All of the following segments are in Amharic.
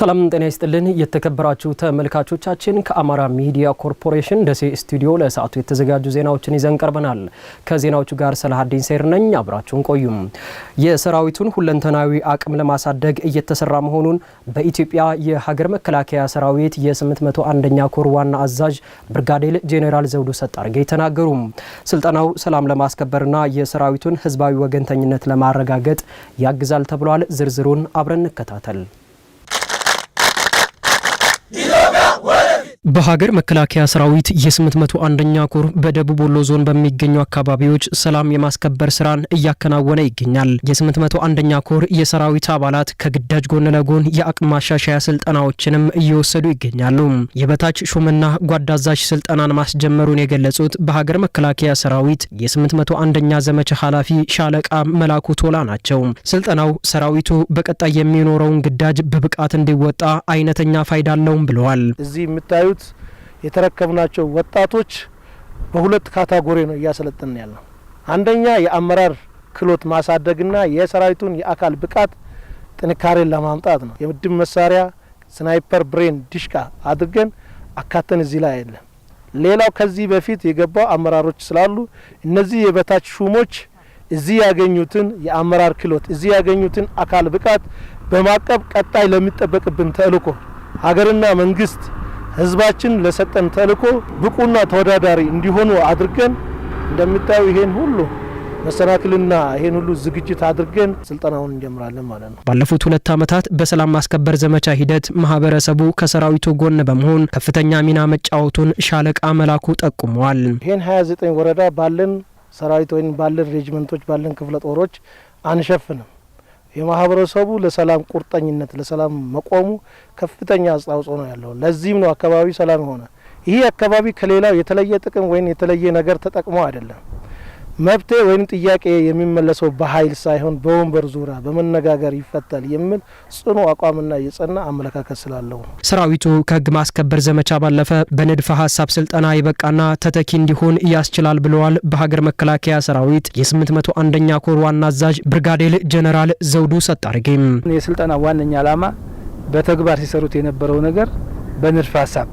ሰላም ጤና ይስጥልን። የተከበራችሁ ተመልካቾቻችን ከአማራ ሚዲያ ኮርፖሬሽን ደሴ ስቱዲዮ ለሰዓቱ የተዘጋጁ ዜናዎችን ይዘን ቀርበናል። ከዜናዎቹ ጋር ሰላሀዲን ሰይር ነኝ። አብራችሁን ቆዩም። የሰራዊቱን ሁለንተናዊ አቅም ለማሳደግ እየተሰራ መሆኑን በኢትዮጵያ የሀገር መከላከያ ሰራዊት የ801ኛ ኮር ዋና አዛዥ ብርጋዴር ጄኔራል ዘውዱ ሰጣርጌ ተናገሩ። ስልጠናው ሰላም ለማስከበርና የሰራዊቱን ህዝባዊ ወገንተኝነት ለማረጋገጥ ያግዛል ተብሏል። ዝርዝሩን አብረን እንከታተል። በሀገር መከላከያ ሰራዊት የ801ኛ ኮር በደቡብ ወሎ ዞን በሚገኙ አካባቢዎች ሰላም የማስከበር ስራን እያከናወነ ይገኛል። የ801ኛ ኮር የሰራዊት አባላት ከግዳጅ ጎን ለጎን የአቅም ማሻሻያ ስልጠናዎችንም እየወሰዱ ይገኛሉ። የበታች ሹምና ጓዳዛሽ ስልጠናን ማስጀመሩን የገለጹት በሀገር መከላከያ ሰራዊት የ801ኛ ዘመቻ ኃላፊ ሻለቃ መላኩ ቶላ ናቸው። ስልጠናው ሰራዊቱ በቀጣይ የሚኖረውን ግዳጅ በብቃት እንዲወጣ አይነተኛ ፋይዳ አለውም ብለዋል። እዚህ የምታዩ የተረከብናቸው ወጣቶች በሁለት ካታጎሪ ነው እያሰለጥን ያለው። አንደኛ የአመራር ክህሎት ማሳደግና የሰራዊቱን የአካል ብቃት ጥንካሬን ለማምጣት ነው። የምድብ መሳሪያ ስናይፐር፣ ብሬን፣ ዲሽቃ አድርገን አካተን እዚህ ላይ አይደለም። ሌላው ከዚህ በፊት የገባው አመራሮች ስላሉ እነዚህ የበታች ሹሞች እዚህ ያገኙትን የአመራር ክህሎት እዚህ ያገኙትን አካል ብቃት በማቀብ ቀጣይ ለሚጠበቅብን ተልኮ ሀገርና መንግስት ህዝባችን ለሰጠን ተልዕኮ ብቁና ተወዳዳሪ እንዲሆኑ አድርገን እንደምታዩ ይሄን ሁሉ መሰናክልና ይሄን ሁሉ ዝግጅት አድርገን ስልጠናውን እንጀምራለን ማለት ነው። ባለፉት ሁለት ዓመታት በሰላም ማስከበር ዘመቻ ሂደት ማህበረሰቡ ከሰራዊቱ ጎን በመሆን ከፍተኛ ሚና መጫወቱን ሻለቃ መላኩ ጠቁመዋል። ይሄን 29 ወረዳ ባለን ሰራዊት ወይም ባለን ሬጅመንቶች ባለን ክፍለ ጦሮች አንሸፍንም። የማህበረሰቡ ለሰላም ቁርጠኝነት ለሰላም መቆሙ ከፍተኛ አስተዋጽኦ ነው ያለው። ለዚህም ነው አካባቢው ሰላም የሆነ። ይህ አካባቢ ከሌላው የተለየ ጥቅም ወይም የተለየ ነገር ተጠቅሞ አይደለም። መብቴ ወይም ጥያቄ የሚመለሰው በኃይል ሳይሆን በወንበር ዙሪያ በመነጋገር ይፈታል የሚል ጽኑ አቋምና የጸና አመለካከት ስላለው ነው። ሰራዊቱ ከህግ ማስከበር ዘመቻ ባለፈ በንድፈ ሀሳብ ስልጠና የበቃና ተተኪ እንዲሆን ያስችላል ብለዋል። በሀገር መከላከያ ሰራዊት የ801ኛ ኮር ዋና አዛዥ ብርጋዴር ጄኔራል ዘውዱ ሰጣርጌም የስልጠና ዋነኛ ዓላማ በተግባር ሲሰሩት የነበረው ነገር በንድፈ ሀሳብ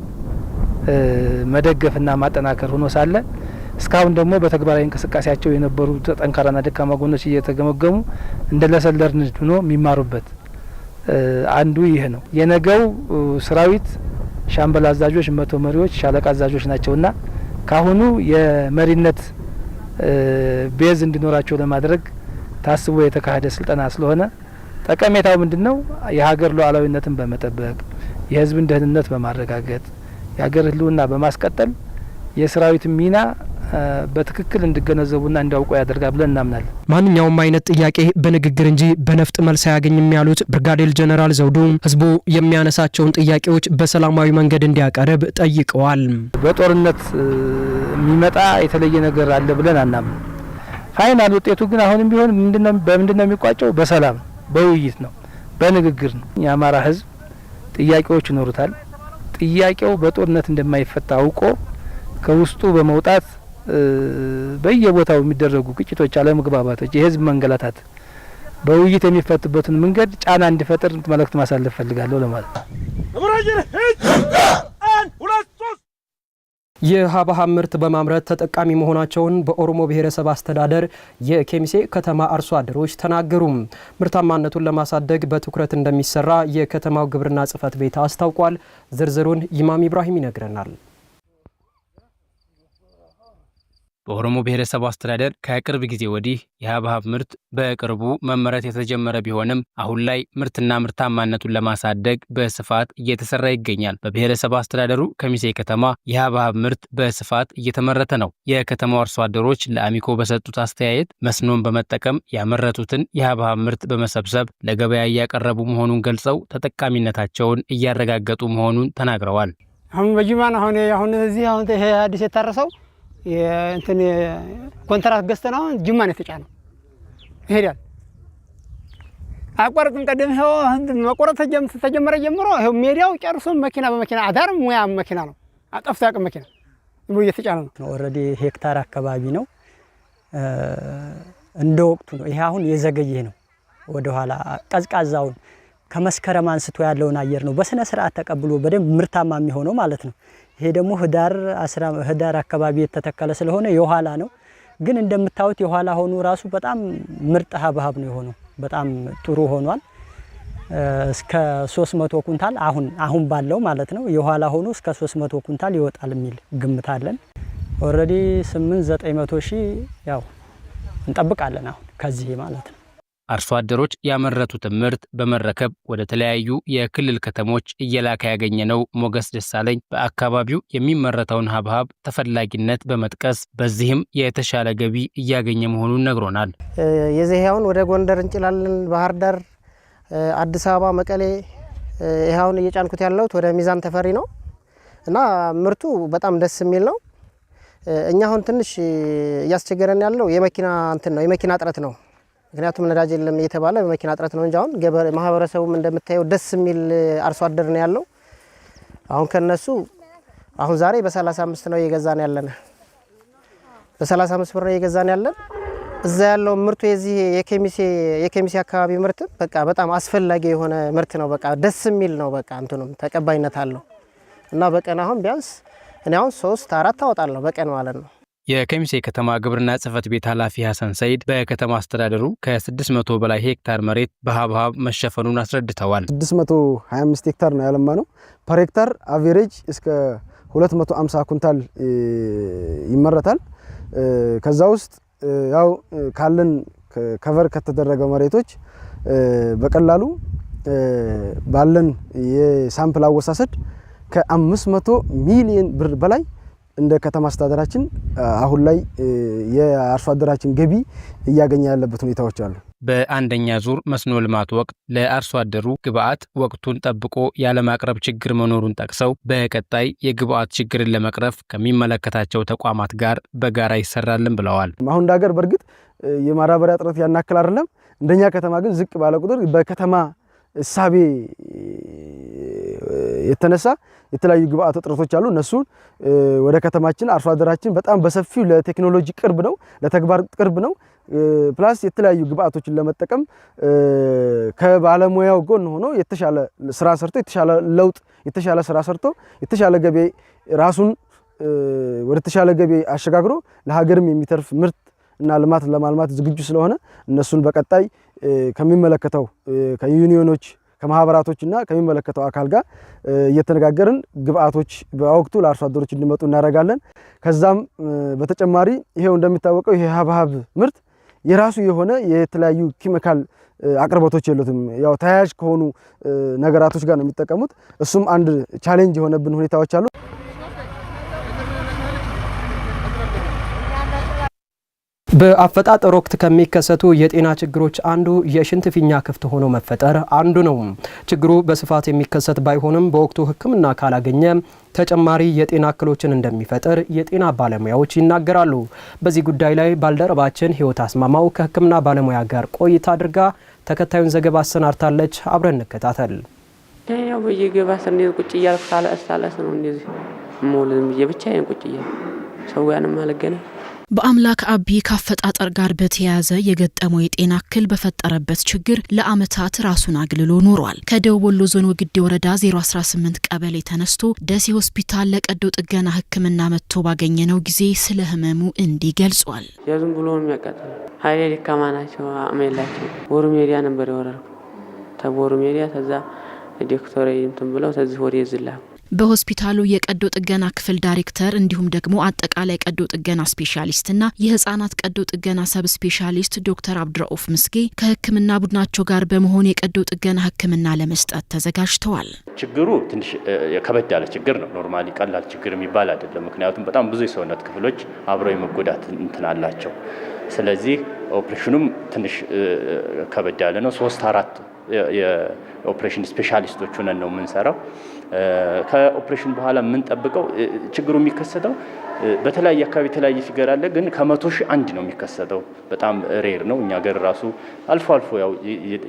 መደገፍና ማጠናከር ሆኖ ሳለ እስካሁን ደግሞ በተግባራዊ እንቅስቃሴያቸው የነበሩ ጠንካራና ደካማ ጎኖች እየተገመገሙ እንደ ለሰለርን ሆኖ የሚማሩበት አንዱ ይህ ነው። የነገው ሰራዊት ሻምበል አዛዦች፣ መቶ መሪዎች፣ ሻለቃ አዛዦች ናቸውና ካሁኑ የመሪነት ቤዝ እንዲኖራቸው ለማድረግ ታስቦ የተካሄደ ስልጠና ስለሆነ ጠቀሜታው ምንድን ነው? የሀገር ሉዓላዊነትን በመጠበቅ የህዝብን ደህንነት በማረጋገጥ የሀገር ህልውና በማስቀጠል የሰራዊት ሚና በትክክል እንዲገነዘቡና እንዲያውቁ ያደርጋል ብለን እናምናለን። ማንኛውም አይነት ጥያቄ በንግግር እንጂ በነፍጥ መልስ አያገኝም ያሉት ብርጋዴር ጀነራል ዘውዱ ህዝቡ የሚያነሳቸውን ጥያቄዎች በሰላማዊ መንገድ እንዲያቀርብ ጠይቀዋል። በጦርነት የሚመጣ የተለየ ነገር አለ ብለን አናምን። ፋይናል ውጤቱ ግን አሁንም ቢሆን በምንድነው የሚቋጨው? በሰላም በውይይት ነው፣ በንግግር ነው። የአማራ ህዝብ ጥያቄዎች ይኖሩታል። ጥያቄው በጦርነት እንደማይፈታ አውቆ ከውስጡ በመውጣት በየቦታው የሚደረጉ ግጭቶች፣ አለመግባባቶች፣ የህዝብ መንገላታት በውይይት የሚፈቱበትን መንገድ ጫና እንዲፈጥር መልእክት ማሳለፍ ፈልጋለሁ ለማለት ነው። የሀብሀብ ምርት በማምረት ተጠቃሚ መሆናቸውን በኦሮሞ ብሔረሰብ አስተዳደር የኬሚሴ ከተማ አርሶ አደሮች ተናገሩም። ምርታማነቱን ለማሳደግ በትኩረት እንደሚሰራ የከተማው ግብርና ጽሕፈት ቤት አስታውቋል። ዝርዝሩን ኢማም ኢብራሂም ይነግረናል። በኦሮሞ ብሔረሰብ አስተዳደር ከቅርብ ጊዜ ወዲህ የሀብሀብ ምርት በቅርቡ መመረት የተጀመረ ቢሆንም አሁን ላይ ምርትና ምርታማነቱን ለማሳደግ በስፋት እየተሰራ ይገኛል። በብሔረሰብ አስተዳደሩ ከሚሴ ከተማ የሀብሀብ ምርት በስፋት እየተመረተ ነው። የከተማው አርሶ አደሮች ለአሚኮ በሰጡት አስተያየት መስኖን በመጠቀም ያመረቱትን የሀብሀብ ምርት በመሰብሰብ ለገበያ እያቀረቡ መሆኑን ገልጸው ተጠቃሚነታቸውን እያረጋገጡ መሆኑን ተናግረዋል። አሁን በጅማን አሁን አሁን እዚህ አሁን ይሄ አዲስ የታረሰው እንትን ኮንትራት ገዝተን አሁን ጅማ ነው የተጫነው። ይሄዳል አቋርጥም ቀደም ይኸው መቆረጥ ተጀመረ ጀምሮ ይኸው ሜዳው ጨርሶ መኪና በመኪና አዳር ሙያ መኪና ነው አጠፍቶ ያቅም መኪና ብሎ እየተጫነ ነው። ኦልሬዲ ሄክታር አካባቢ ነው እንደ ወቅቱ ነው። ይሄ አሁን የዘገየ ነው። ወደኋላ ቀዝቃዛውን ከመስከረም አንስቶ ያለውን አየር ነው በስነ ስርዓት ተቀብሎ በደንብ ምርታማ የሚሆነው ማለት ነው። ይሄ ደግሞ ህዳር ህዳር አካባቢ የተተከለ ስለሆነ የኋላ ነው። ግን እንደምታዩት የኋላ ሆኖ ራሱ በጣም ምርጥ ሀብሀብ ነው የሆነው። በጣም ጥሩ ሆኗል። እስከ 300 ኩንታል አሁን አሁን ባለው ማለት ነው የኋላ ሆኖ እስከ 300 ኩንታል ይወጣል የሚል ግምት አለን። ኦልሬዲ 8 900 ሺህ ያው እንጠብቃለን አሁን ከዚህ ማለት ነው። አርሶ አደሮች ያመረቱትን ምርት በመረከብ ወደ ተለያዩ የክልል ከተሞች እየላከ ያገኘነው ሞገስ ደሳለኝ በአካባቢው የሚመረተውን ሀብሀብ ተፈላጊነት በመጥቀስ በዚህም የተሻለ ገቢ እያገኘ መሆኑን ነግሮናል። የዚህ ያሁን ወደ ጎንደር እንጭላለን፣ ባህር ዳር፣ አዲስ አበባ፣ መቀሌ ይኸውን እየጫንኩት ያለሁት ወደ ሚዛን ተፈሪ ነው እና ምርቱ በጣም ደስ የሚል ነው። እኛ አሁን ትንሽ እያስቸገረን ያለው የመኪና እንትን ነው የመኪና እጥረት ነው። ምክንያቱም ነዳጅ የለም እየተባለ በመኪና እጥረት ነው እንጂ አሁን ማህበረሰቡም እንደምታየው ደስ የሚል አርሶ አደር ነው ያለው። አሁን ከነሱ አሁን ዛሬ በ35 ነው እየገዛን ያለን፣ በ35 ብር ነው እየገዛን ያለን። እዛ ያለው ምርቱ የዚህ የኬሚሴ አካባቢ ምርት በቃ በጣም አስፈላጊ የሆነ ምርት ነው። በቃ ደስ የሚል ነው። በቃ እንትኑም ተቀባይነት አለው እና በቀን አሁን ቢያንስ እኔ አሁን ሶስት አራት አወጣለሁ በቀን ማለት ነው። የከሚሴ ከተማ ግብርና ጽህፈት ቤት ኃላፊ ሐሰን ሰይድ በከተማ አስተዳደሩ ከ600 በላይ ሄክታር መሬት በሀብሀብ መሸፈኑን አስረድተዋል። 625 ሄክታር ነው ያለማ ነው። ፐር ሄክታር አቬሬጅ እስከ 250 ኩንታል ይመረታል። ከዛ ውስጥ ያው ካለን ከቨር ከተደረገ መሬቶች በቀላሉ ባለን የሳምፕል አወሳሰድ ከ500 ሚሊዮን ብር በላይ እንደ ከተማ አስተዳደራችን አሁን ላይ የአርሶ አደራችን ገቢ እያገኘ ያለበት ሁኔታዎች አሉ። በአንደኛ ዙር መስኖ ልማት ወቅት ለአርሶ አደሩ ግብዓት ወቅቱን ጠብቆ ያለማቅረብ ችግር መኖሩን ጠቅሰው በቀጣይ የግብዓት ችግርን ለመቅረፍ ከሚመለከታቸው ተቋማት ጋር በጋራ ይሰራልን ብለዋል። አሁን እንደ ሀገር በእርግጥ የማዳበሪያ እጥረት ያናክል አይደለም። እንደኛ ከተማ ግን ዝቅ ባለ ቁጥር በከተማ እሳቤ የተነሳ የተለያዩ ግብአት እጥረቶች አሉ። እነሱን ወደ ከተማችን አርሶ አደራችን በጣም በሰፊው ለቴክኖሎጂ ቅርብ ነው፣ ለተግባር ቅርብ ነው። ፕላስ የተለያዩ ግብአቶችን ለመጠቀም ከባለሙያው ጎን ሆኖ የተሻለ ስራ ሰርቶ የተሻለ ለውጥ የተሻለ ስራ ሰርቶ የተሻለ ገቢ ራሱን ወደ ተሻለ ገቢ አሸጋግሮ ለሀገርም የሚተርፍ ምርት እና ልማት ለማልማት ዝግጁ ስለሆነ እነሱን በቀጣይ ከሚመለከተው ከዩኒዮኖች ከማህበራቶችና ከሚመለከተው አካል ጋር እየተነጋገርን ግብአቶች በወቅቱ ለአርሶ አደሮች እንዲመጡ እናደርጋለን። ከዛም በተጨማሪ ይሄው እንደሚታወቀው ይሄ ሀብሀብ ምርት የራሱ የሆነ የተለያዩ ኪሚካል አቅርቦቶች የሉትም። ያው ተያያዥ ከሆኑ ነገራቶች ጋር ነው የሚጠቀሙት። እሱም አንድ ቻሌንጅ የሆነብን ሁኔታዎች አሉ። በአፈጣጠር ወቅት ከሚከሰቱ የጤና ችግሮች አንዱ የሽንት ፊኛ ክፍት ሆኖ መፈጠር አንዱ ነው። ችግሩ በስፋት የሚከሰት ባይሆንም በወቅቱ ሕክምና ካላገኘ ተጨማሪ የጤና እክሎችን እንደሚፈጥር የጤና ባለሙያዎች ይናገራሉ። በዚህ ጉዳይ ላይ ባልደረባችን ህይወት አስማማው ከሕክምና ባለሙያ ጋር ቆይታ አድርጋ ተከታዩን ዘገባ አሰናድታለች። አብረን እንከታተል። ያው በየገባ ስንሄድ ቁጭ እያልኩ ሳለስ ሳለስ ነው እንደዚህ ብዬ ብቻዬን ቁጭ ሰው ያንም አልገናኝ በአምላክ አቢ ካፈጣጠር ጋር በተያያዘ የገጠመው የጤና እክል በፈጠረበት ችግር ለዓመታት ራሱን አግልሎ ኖሯል። ከደቡብ ወሎ ዞን ወግዴ ወረዳ 018 ቀበሌ ተነስቶ ደሴ ሆስፒታል ለቀዶ ጥገና ሕክምና መጥቶ ባገኘነው ጊዜ ስለ ህመሙ እንዲህ ገልጿል። የዝም ብሎ የሚያቃጥል ሀይሌ ሊካማ ናቸው፣ አሜላቸው የላቸው። ሜዲያ ነበር የወረርኩ ተቦሩ ሜዲያ ተዛ ዶክተር እንትን ብለው ተዚህ ወደ ዝላ በሆስፒታሉ የቀዶ ጥገና ክፍል ዳይሬክተር እንዲሁም ደግሞ አጠቃላይ ቀዶ ጥገና ስፔሻሊስትና የህጻናት ቀዶ ጥገና ሰብ ስፔሻሊስት ዶክተር አብድራኦፍ ምስጌ ከህክምና ቡድናቸው ጋር በመሆን የቀዶ ጥገና ህክምና ለመስጠት ተዘጋጅተዋል። ችግሩ ትንሽ ከበድ ያለ ችግር ነው። ኖርማሊ ቀላል ችግር የሚባል አይደለም። ምክንያቱም በጣም ብዙ የሰውነት ክፍሎች አብረው የመጎዳት እንትን አላቸው። ስለዚህ ኦፕሬሽኑም ትንሽ ከበድ ያለ ነው። ሶስት አራት የኦፕሬሽን ስፔሻሊስቶች ሆነን ነው የምንሰራው። ከኦፕሬሽን በኋላ የምንጠብቀው ችግሩ የሚከሰተው በተለያየ አካባቢ የተለያየ ፊገር አለ፣ ግን ከመቶ ሺህ አንድ ነው የሚከሰተው። በጣም ሬር ነው። እኛ ገር ራሱ አልፎ አልፎ ያው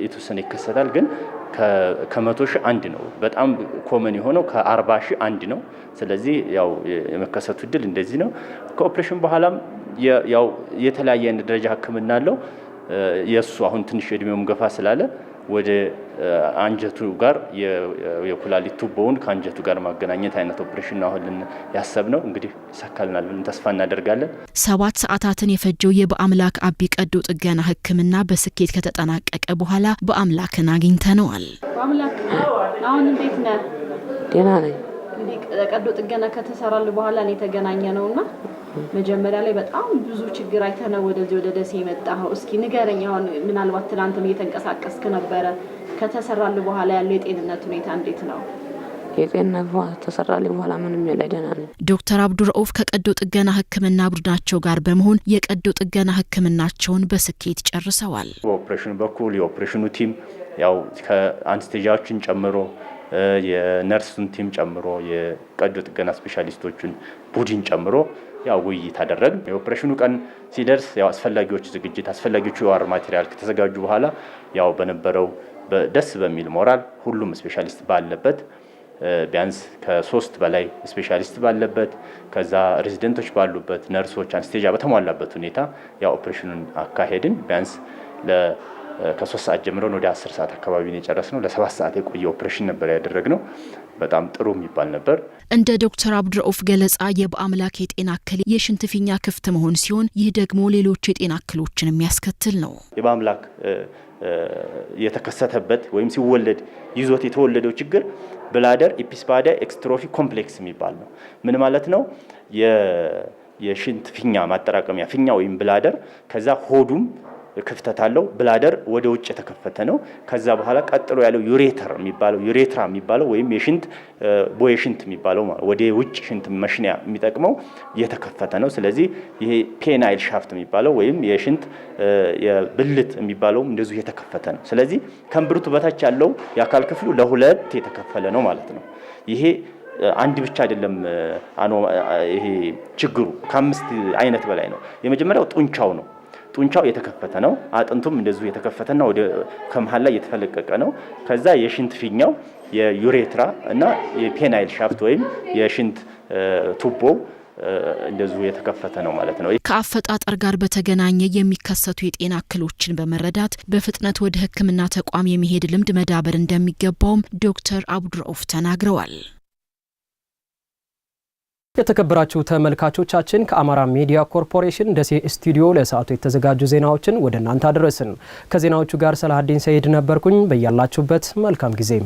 የተወሰነ ይከሰታል፣ ግን ከመቶ ሺህ አንድ ነው። በጣም ኮመን የሆነው ከአርባ ሺህ አንድ ነው። ስለዚህ ያው የመከሰቱ እድል እንደዚህ ነው። ከኦፕሬሽን በኋላም ያው የተለያየ ደረጃ ህክምና አለው የእሱ አሁን ትንሽ እድሜውም ገፋ ስላለ ወደ አንጀቱ ጋር የኩላሊት ቱቦውን ከአንጀቱ ጋር ማገናኘት አይነት ኦፕሬሽን ነው ያሰብ ነው። እንግዲህ ይሳካልናል ብለን ተስፋ እናደርጋለን። ሰባት ሰዓታትን የፈጀው የበአምላክ አቢ ቀዶ ጥገና ሕክምና በስኬት ከተጠናቀቀ በኋላ በአምላክን አግኝተነዋል። በአምላክ አሁን እንዴት ነህ? ደህና ነኝ። ቀዶ ጥገና ከተሰራል በኋላ ነው የተገናኘ ነውና መጀመሪያ ላይ በጣም ብዙ ችግር አይተነው ወደዚህ ወደ ደሴ የመጣኸው። እስኪ ንገረኝ፣ አሁን ምናልባት ትናንትም እየተንቀሳቀስክ ነበረ። ከተሰራልህ በኋላ ያለው የጤንነት ሁኔታ እንዴት ነው? የጤንነት በኋላ በኋላ ምንም ደህና ነኝ። ዶክተር አብዱረኡፍ ከቀዶ ጥገና ሕክምና ቡድናቸው ጋር በመሆን የቀዶ ጥገና ሕክምናቸውን በስኬት ጨርሰዋል። በኦፕሬሽኑ በኩል የኦፕሬሽኑ ቲም ያው ከአንስቴጃዎችን ጨምሮ የነርሱን ቲም ጨምሮ የቀዶ ጥገና ስፔሻሊስቶቹን ቡድን ጨምሮ ያው ውይይት አደረግን። የኦፕሬሽኑ ቀን ሲደርስ ያው አስፈላጊዎች ዝግጅት አስፈላጊዎቹ የዋር ማቴሪያል ከተዘጋጁ በኋላ ያው በነበረው ደስ በሚል ሞራል ሁሉም ስፔሻሊስት ባለበት ቢያንስ ከሶስት በላይ ስፔሻሊስት ባለበት ከዛ ሬዚደንቶች ባሉበት ነርሶች አንስቴጃ በተሟላበት ሁኔታ ያው ኦፕሬሽኑን አካሄድን ቢያንስ ከሶስት ሰዓት ጀምረን ወደ አስር ሰዓት አካባቢ ነው የጨረስነው። ለሰባት ሰዓት የቆየ ኦፕሬሽን ነበር ያደረግነው። በጣም ጥሩ የሚባል ነበር። እንደ ዶክተር አብዱረኡፍ ገለጻ የበአምላክ የጤና እክል የሽንት ፊኛ ክፍት መሆን ሲሆን ይህ ደግሞ ሌሎች የጤና እክሎችን የሚያስከትል ነው። የበአምላክ የተከሰተበት ወይም ሲወለድ ይዞት የተወለደው ችግር ብላደር ኢፒስፓዳ ኤክስትሮፊ ኮምፕሌክስ የሚባል ነው። ምን ማለት ነው? የሽንት ፊኛ ማጠራቀሚያ ፊኛ ወይም ብላደር ከዛ ሆዱም ክፍተት አለው። ብላደር ወደ ውጭ የተከፈተ ነው። ከዛ በኋላ ቀጥሎ ያለው ዩሬተር የሚባለው ዩሬትራ የሚባለው ወይም የሽንት ቦይ ሽንት የሚባለው ወደ ውጭ ሽንት መሽኒያ የሚጠቅመው የተከፈተ ነው። ስለዚህ ይሄ ፔናይል ሻፍት የሚባለው ወይም የሽንት ብልት የሚባለው እንደዚሁ የተከፈተ ነው። ስለዚህ ከእምብርቱ በታች ያለው የአካል ክፍሉ ለሁለት የተከፈለ ነው ማለት ነው። ይሄ አንድ ብቻ አይደለም። ይሄ ችግሩ ከአምስት አይነት በላይ ነው። የመጀመሪያው ጡንቻው ነው። ጡንቻው የተከፈተ ነው። አጥንቱም እንደዚሁ የተከፈተና ወደ ከመሃል ላይ የተፈለቀቀ ነው። ከዛ የሽንት ፊኛው የዩሬትራ እና የፔናይል ሻፍት ወይም የሽንት ቱቦ እንደዚሁ የተከፈተ ነው ማለት ነው። ከአፈጣጠር ጋር በተገናኘ የሚከሰቱ የጤና እክሎችን በመረዳት በፍጥነት ወደ ሕክምና ተቋም የመሄድ ልምድ መዳበር እንደሚገባውም ዶክተር አብዱረኡፍ ተናግረዋል። የተከበራችሁ ተመልካቾቻችን ከአማራ ሚዲያ ኮርፖሬሽን ደሴ ስቱዲዮ ለሰዓቱ የተዘጋጁ ዜናዎችን ወደ እናንተ አደረስን። ከዜናዎቹ ጋር ሰላሀዲን ሰይድ ነበርኩኝ። በያላችሁበት መልካም ጊዜ